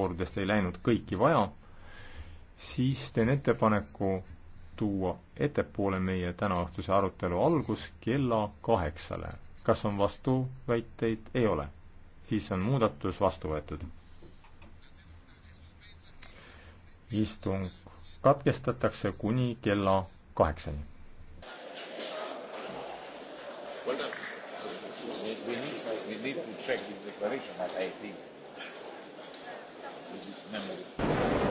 voorudest ei läinud kõiki vaja, siis teen ettepaneku tuua ettepoole meie tänaõhtuse arutelu algus kella kaheksale. kas on vastuväiteid? ei ole. siis on muudatus vastu võetud. istung katkestatakse kuni kella kaheksani. Well done. We need, we need to check this declaration, but I think nem úr.